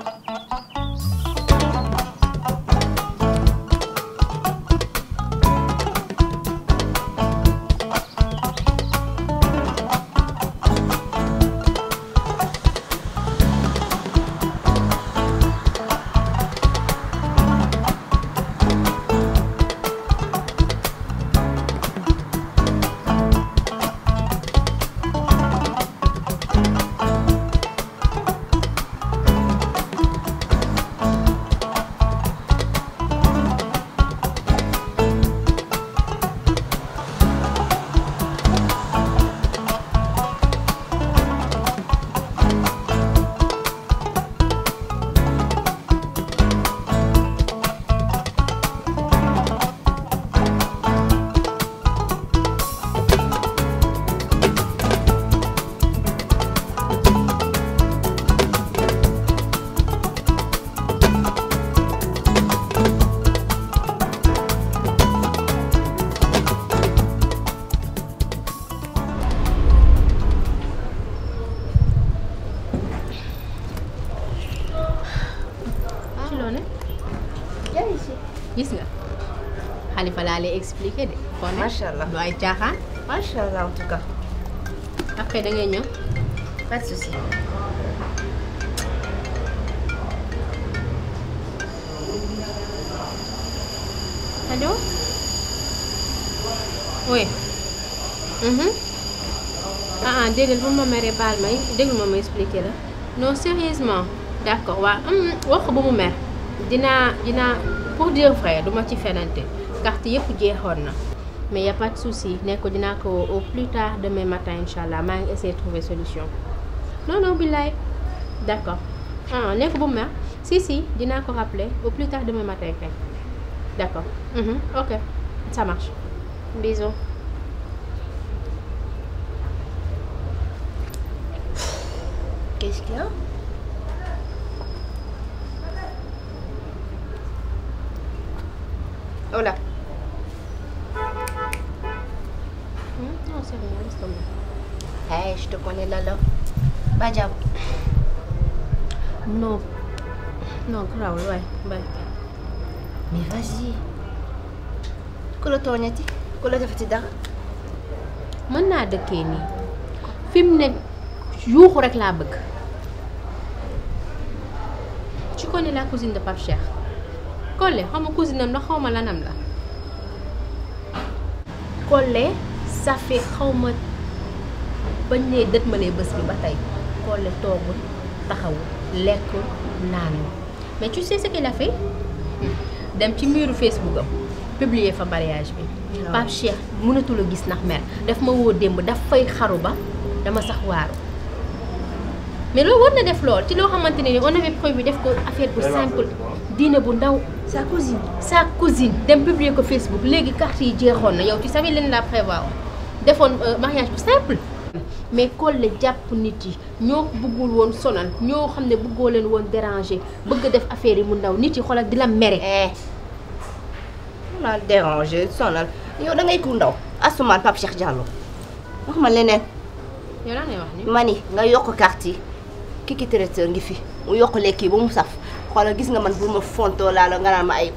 Thank you. appliqué de. macha allah kon caaxaan. macha allah après da ñëw. pas de souci. allo. oui. Mhm. ah ah dégg nga expliqué la non sérieusement d' accord mm, wax bu mu mer dinaa dinaa pour dire vrai duma ci fenante. carte yëpp jeexoon na mais y a pas de souci ko dinaa ko au plus tard demain matin incha allah maa ngi essayer trouver solution non non billaay d'accord ah ne ko bu mu si si dinaa ko rappeler au plus tard demain matin kay d'accord mm-hmm. ok ça marche Hey, je te connais Lala. Badiab. Non. Non, grave, ouais. Bye. Mais la tooñati ku la defati dara. mën naa dëkkee nii fi mu ne yuuxu rek laa bëgg. ci connais la cousine de Pape Cheikh. Collé xaw ma cousine am la xaw ma lanam la. Collé. ça fait xaw ma bañ nee dëtmalee bés bi ba tey Collé toogul taxawul lekkul naanul mais tu sais ce dem ci muru Facebook am publier fa mariage bi. Ah. Pape Cheikh mënatul a gis ndax mer daf ma woo démb daf fay xaru ba dama sax waaru. mais loolu war na def lool ci loo xamante ne ni on avait prévu def ko affaire bu simple diine bu ndaw. sa cousine sa cousine dem publier ko Facebook léegi carte yi jeexoon na yow ci savais leen la prévoir. defoon euh, mariage bi simple. mais Collé jàpp nit yi ñoo buggul woon sonal ñoo xam ne bëggoo leen woon déranger bëgg def affaire yi mu ndaw nit yi xoola di la mere. Eh, la déranger sonal yow da ngay ku ndaw asumaan Pape Cheikh Diallo wax ma leneen. yow ma nga yokk carte yi kiki ngi fi mu yokk lekk yi ba mu saf xoolal gis nga man bu ma fontoo laa la nga naan ma ay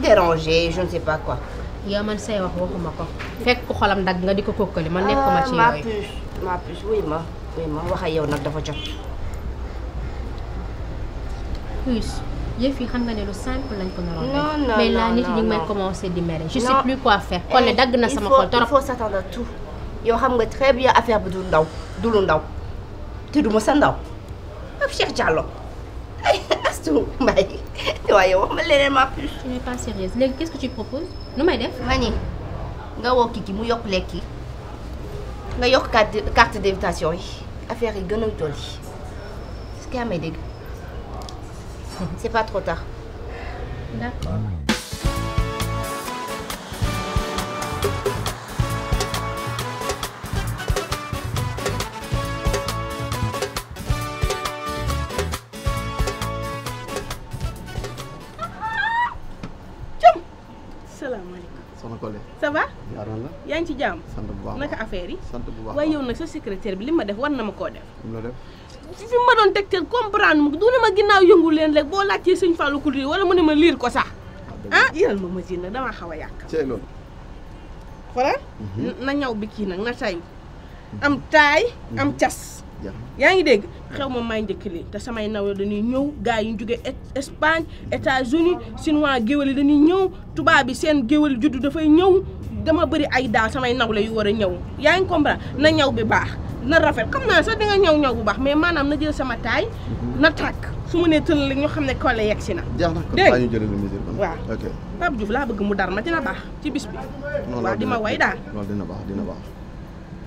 déranger je ne sais pas quoi. yow man say wax waxuma ko fekk ku xolam dagg nga di ko kokkali man nekkuma ah, ci yooyu. ma puce ma puce wuy yow nag dafa jot. puce yëf yi xam nga ne lu simple lañ ko naroon. non non mais nit ñi may commencé di mere. je sais plus quoi faire. kon eh, dagg na sama xol trop il yow xam nga très bien affaire bi du ndaw du lu ndaw te du ma sa ndaw ab Cheikh Diallo ay waaye wax ma leneen ma plus. tu n'es pas sérieuse léegi qu'est-ce que nu may def. ma ni nga woo kii mu yokk lekk yi nga yokk carte carte yi affaire yi gën a toll yi est-ce que yaa may dégg c'est pas trop tard. d'accord. yaa ngi ci jàmm sant bu baax naka affaire yi sant bu baax waaye yow nag sa secrétaire bi li ma def war na ma koo def mu la def fi ma doon tegtal comprendre mu du ne ma ginnaaw yëngu leen rek boo laajtee sëñ Fallou Coulibaly wala mu ne ma liir ko sax ah yëral ma ma ji nag damaa xaw a yàq cey loolu mhm. na ñaw bi kii nag na tay am taay mhm. am cas yaa ngi dégg ah. xew ma may njëkk lii te samay nawle dañuy ñëw gars yi ñu jógee Espagne États-Unis chinois géwél yi dañuy ñëw tubaab bi seen géwél juddu dafay ñëw dama bëri ay daal samay nawle yu war a ñëw yaa ngi comprendre na ñaw bi baax na rafet xam naa sax di ñëw ñëw bu baax mais maanaam na jël sama taay mhm. na tàkk su ma nee tëll ñu xam ne Collé yegg si na. dégg nga jël waaw laa bëgg mu dar ma dina baax ci bis bi. waaw di ma way daal. loolu dina baax dina baax.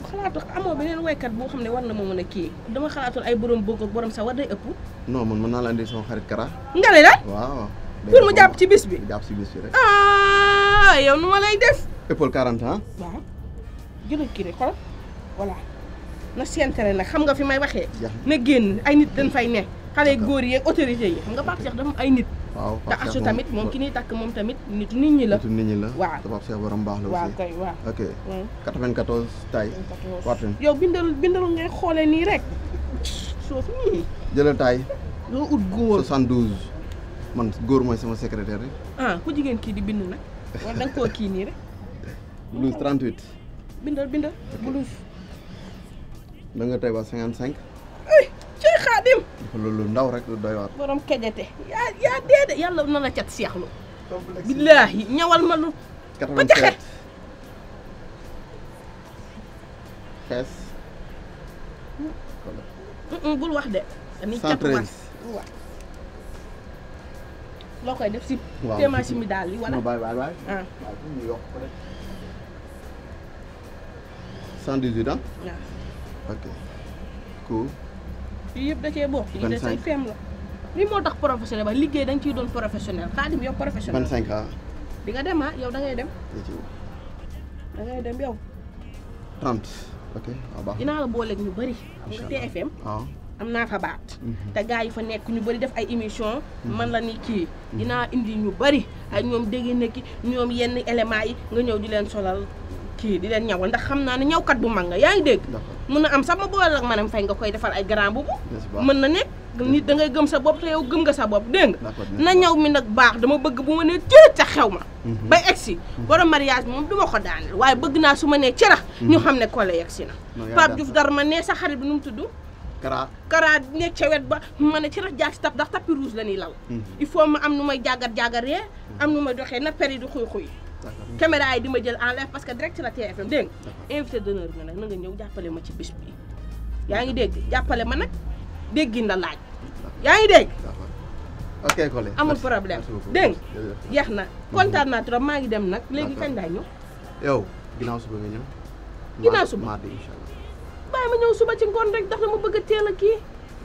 xalaatu amoo beneen boo xam ne war na ma a kii dama xalaatul ay borom bëgg ak borom sa war day ëpp. non man mën naa la andi sama xarit Kara. nga ne la. waaw pour mu jàpp ci bis ah, def. épaule 40 ah. waaw jëlal kii rek xool voilà na séntale nag xam nga fi may waxee. na génn ay nit dañ fay ne. xale góor yi ak autorité yi ay nit. waaw Pape moom ki ñuy takk moom tamit nit nit ñi la. nit la waaw Pape baax la aussi. waaw kay waaw ok. 94 taay. 94 waxtaan. yow bindal bindal ngay xoolee nii rek. soo fi jëlal taay. loo ut góor 72. man góor mooy sama secrétaire rek. Ah, ku jigéen kii di bind nag. wala da koo kii nii rek. blouse 38. bindal bindal blouse. da nga tey ba 55. ay cay xaadim. loolu ndaw rek lu doy waar. borom kejete yaa yaa déedéet yàlla na la cat seexlu. billaahi ñawal ma lu. 87 xees. bul wax de. dañuy cat loo koy def si. waaw mi daal li wala. 118 ans. waaw ok cool. yii yëpp da cee bokk. 25 yii da cee fem la. lii moo tax professionnel ba liggéey da nga ciy doon professionnel xaadim yow professionnel. 25 ans. di nga dem ah yow da ngay dem. da ngay dem yow. 30 ok waaw baax dinaa la booleeg ñu bëri. am nga TFM. Ah. am naa fa baat. Mhm. te gars yi fa nekk ñu bëri def ay émission mhm. man la ni kii. Mhm. dinaa indi ñu bëri ay ñoom dégg na ki ñoom yenn éléments yi nga ñëw di leen solal. kii di leen ñawal ndax xam naa ne ñawkat bu mag nga yaa ngi dégg mën na am sama ma boole ak manam fay nga koy defal ay grand bubu mën na nekk nit da ngay gëm sa bopp te yow gëm nga sa bopp dégg nga na ñaw mi nag baax dama bëgg bu ma nee cërëj ca xew ma mhm. ba egsi mhm. borom mariage moom du ma ko daaneel waaye bëgg naa su ma nee cëra ñu mhm. xam ne kole yegsi na Pape Diouf dara ma nee sa xarit bi nu mu tudd kara kara nekk ca wet ba ma ne ci rax jaar si tap ndax tapis la ñuy law il faut ma am nu may jàggat jàggaree am nu may doxee na peri du xuy xuy caméra yi di ma jël en live parce que direct la TFM dégg nga invité d'honneur nga nag na nga ñëw jàppale ma ci bis bi yaa ngi dégg jàppale ma nag déggi na laaj yaa ngi dégg ok collègue amul problème dégg nga jeex na kontaan naa trop maa ngi dem nag léegi kañ laay ñëw yow ginnaaw suba nga ñëw ginnaaw suba mardi incha allah bàyyi ma ñëw suba ci ngoon rek ndax dama bëgg a teel a kii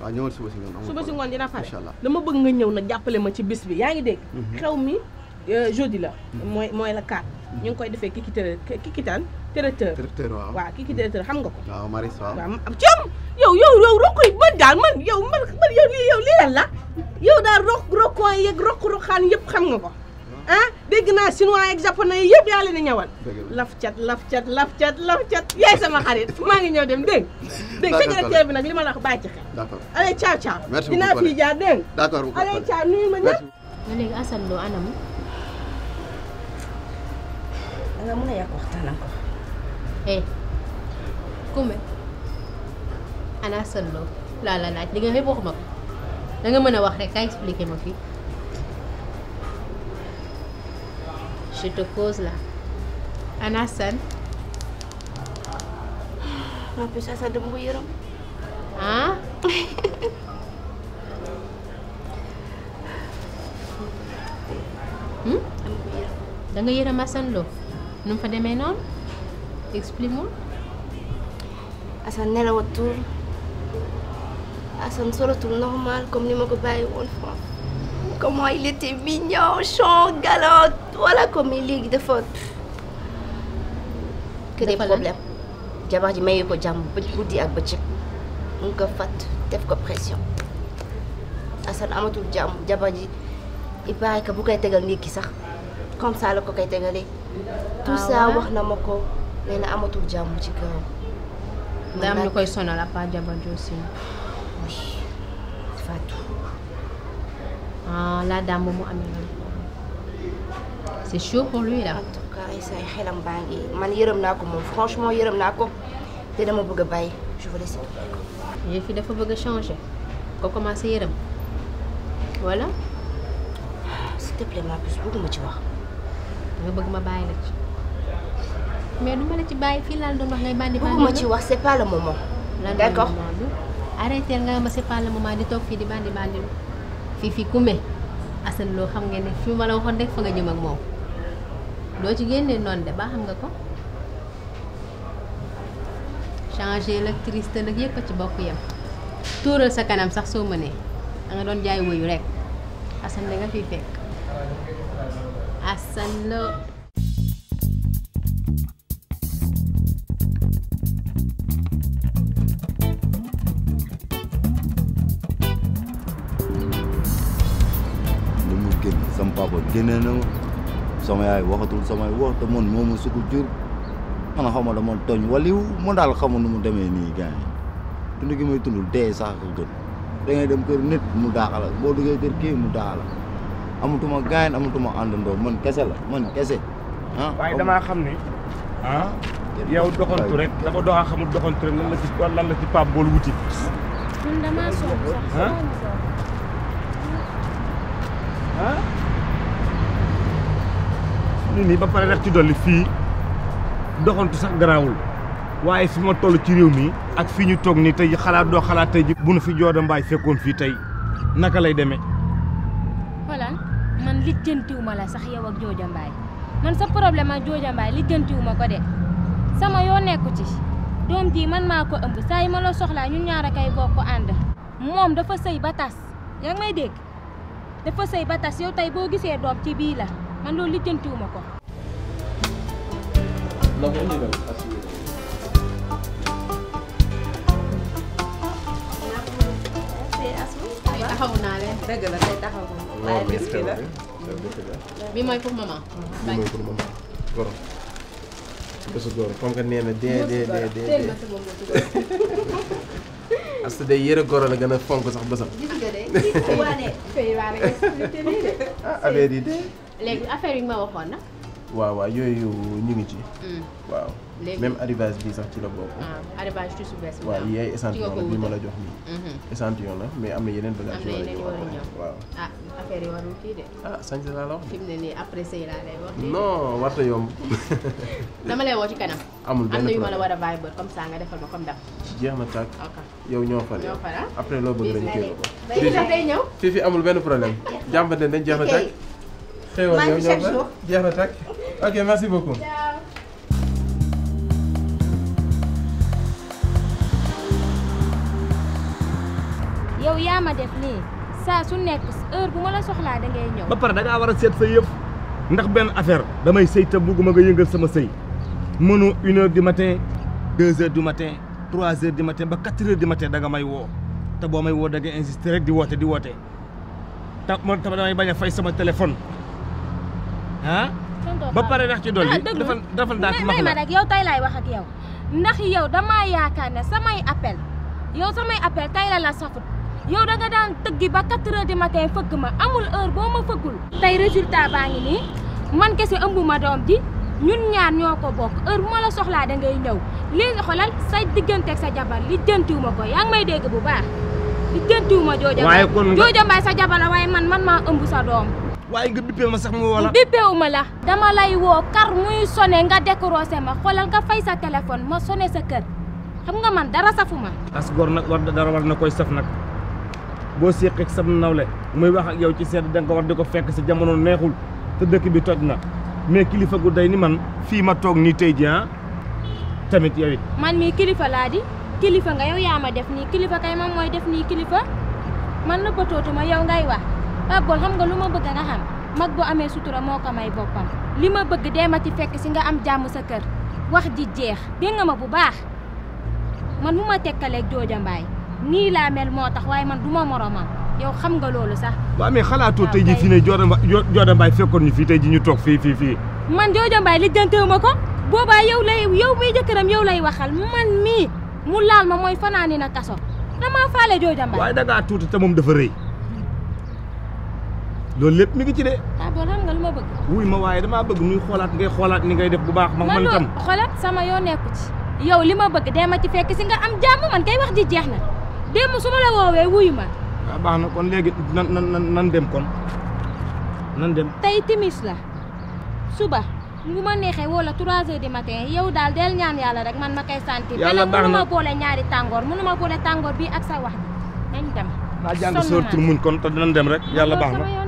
waaw ñëwal suba si ngoon suba si ngoon dama bëgg nga ñëw nag jàppale ma ci bis bi yaa ngi dégg mhm. xew mi Euh, jeudi la. Hmm. mooy mooy la 4. Hmm. ñu ngi koy defee kii ki tërë kii ki tan traiteur. traiteur waaw waaw kii ki hmm. traiteur xam nga ko. waaw Maris waaw waaw Thiam. yow yow yow rokkoy man daal man yow man man yow lii yow lii lan la yow daal rok rokkooy yeeg rok rokaan yëpp xam nga ko. ah dégg naa chinois ak japonais yëpp yaa leen di ñëwal. laf cat laf cat laf cat laf cat yaay sama xarit maa ngi ñëw dem dégg dégg sa directeur bi nag li ma la wax ba ci xel. d'accord allez ciao ciao. merci beaucoup dinaa fi jaar dégg. d'accord allez ma ñëpp. nga mën a yàq waxtaanam ko eh Koumbe ana sën loo laaj li nga xëy wax ma ko da nga mën a wax rek ka expliqué ma fii je te cause là ana dama ko yërëm ah da yërëm Assane Lo nu mu fa demee noonu explique-moi. Assane nelawatul Assane solatul normal comme ni ma ko bàyyi woon foofu. comment il était mignon chant galant voilà comme léegi dafa. que des problèmes. jabar ji mayu ko jàmm bë guddi ak bëccëg mu ngi ko def ko pression Assane amatul jàmm jabar ji il paraît que bu koy tegal ki sax comme ça la ko koy tegalee. tout ah ça wax na ma ko nee na amatul jàmm ci këram. daa am ñu koy sonal à part jabar aussi. oui Fatou. ah la dame mu amee lan. c'est chaud pour lui là. xelam baa ngi man yërëm naa ko moom franchement yërëm naa ko te dama bëgg a bàyyi je veux dafa bëgg a changer ko commencé yërëm voilà. s'il te ma puce bëgguma ci wax. nga bëgg ma bàyyi la ci mais du ma la ci bàyyi fii laa doon wax ngay bandi bandi bëgguma ci wax c'est pas le moment. d'accord arrêté nga ma c'est pas di toog fii di bandi bandi fii fii kume Assane loo xam ngeen ni fi ma la waxoon rek fa nga jëm ak moom loo ci génne noonu de ba xam nga ko changé la triste la yëpp a ci bokk yam tuural sa kanam sax soo mënee da nga doon jaay wuyu rek Assane da nga fiy fekk. اصلا lu mu génn sama papa génne na ma sama yaay waxatul te man moo ma suku jur xanaa xaw ma dama tooñ waliw ma daal xamul nu mu demee nii gars yi dund gi may tund sax ko gën da dem kër nit mu daaxala boo duggee kër kii mu daaxala amatuma gaañ amatuma àndandoo man kese la man kese ah, waaye damaa xam ni ah. yow rek dafa dox a xamul rek lan la ci lan la ci Pape Bol wuti. man damaa soog sax ah. ah? nit ñi rek ci dolli fii doxantu sax garaawul waaye fi ma toll ci réew mi ak fi ñu toog nii tey xalaat doo xalaat tey ji bu nu fi jooda mbaay fekkoon fii tey naka lay demee. lijjantiwuma la sax yow ak Jooja Mbaay man sa problème ak Jooja Mbaay lijjantiwuma ko de sama yoo nekku ci doom ji mën maa ko ëmb saa yi ma la soxlaa ñun ñaar a kay bokk ànd moom dafa sëy ba tas yaa ngi dégg dafa sëy ba tas yow tey boo gisee doom ci bii la man loolu lijjantiwuma ko. tey taxawu naa leen. dëgg la la bi mooy pour maman. bi mooy pour maman Goro. bésu Goro comme que nee na dee dee dee dee. parce que day yëre Goro la gën a fonk sax bésam. gis de fii waane fii waane ah, ma waxoon waaw waaw yooyu ñu ngi ci. Hmm. waaw même arrivage bi sax ci la bokk. ah arrivage tout waaw yi ay la bi ma la jox nii. Hmm. échantillon la mais am na yeneen bagages yoo la waaw. ah affaire na warul kii de. Ah, amul benn problème am a bàyyi bët ma comme daf. jeex na tàkk. yow ñoo far yow. Ah? après loo bëgg dañu kii la ko. fii fi fii amul benn problème. jàmbate dañ jeex na tàkk. xéewal yow ñoo far jeex na tàkk Ok, merci beaucoup. Ciao. yow yaa ma def nii saa su nekk heure bu ma la soxlaa da ñëw. ba pare da war a seet sa yëf ndax benn affaire damay sëy te bugguma nga yëngal sama sëy mënu une heure di matin deux heures du matin trois heures di matin ba quatre heures du matin da nga may woo te boo may woo da nga di woote di woote ta man tamit damay bañ a fay sama téléphone ah. ba pare ndax ci dolli dafa dafa ndax ma ma nag yow tey laay wax ak yow ndax yow damaa yaakaar ne samay appel yow samay appel tey la la safut yow da nga daan tëggi ba 4 di ma matin fëgg ma amul heure boo ma fëggul tey résultat baa ngi nii man kese ëmb ma doom ji ñun ñaar ñoo ko bokk heure bu la soxlaa da ngay ñëw lii xoolal sa diggante ak sa jabar li jëntiw ma ko yaa ngi may dégg bu baax li jëntiw ma sa jabar la waaye man man maa ëmb sa doom waaye nga bippee ma sax mu wala bippeewu ma la dama lay woo kar muy sone nga décroché ma xoolal nga fay sa téléphone ma sone sa kër xam nga man dara safu ma as góor nag war dara war na koy saf nag boo séqeek sam nawle muy wax ak yow ci sedd da nga war di ko fekk sa jamono neexul te dëkk bi toj na mais kilifa gu day ni man fii ma toog nii tey ji ah, tamit yow man mii kilifa laa di kilifa nga yow yaa ma def nii kilifa kay moom mooy def nii kilifa man na bëtootuma yow Pape Bol xam nga lu ma bëgg nga mag bu amee sutura moo ko may boppam li ma bëgg dee ma ci fekk si nga am jàmm sa kër wax ji jeex dégg nga ma bu baax man mu ma tekkaleeg jooja mbaay nii laa mel moo tax waaye man du ma moromam yow xam nga loolu sax. waaw amee xalaatoo tey jii fii ne jooja mbaay jooja mbaay fekkoon ñu fii tey jii ñu toog fii fii fii. man jooja mbaay lijjantewu ma ko boobaa yow lay yow muy jëkkëram yow lay waxal man mii mu laal ma mooy fanaani na kaso damaa faale jooja mbaay. tuuti te moom dafa rëy. loolu lépp mu ngi ci de. ah bon xam nga lu ma bëgg. wuy ma waaye damaa bëgg muy xoolaat ngay xoolaat ni ngay def bu baax. ma man tam xoolaat sama yoon nekku ci. yow li ma bëgg dee ma ci fekk si nga am jàmm man kay wax ji jeex na démb su ma la woowee wuyu ma. waaw ah, baax na kon léegi nan nan nan dem kon nan dem. tey timis la suba. bu ma neexee woo la 3 heures matin yow daal del ñaan yàlla rek man ma koy sentir. yàlla baax na ñaari tàngoor mënu ma boole tàngoor bi ak sa wax ji nañ dem. naa jàng sóor tur dem rek yàlla baax na.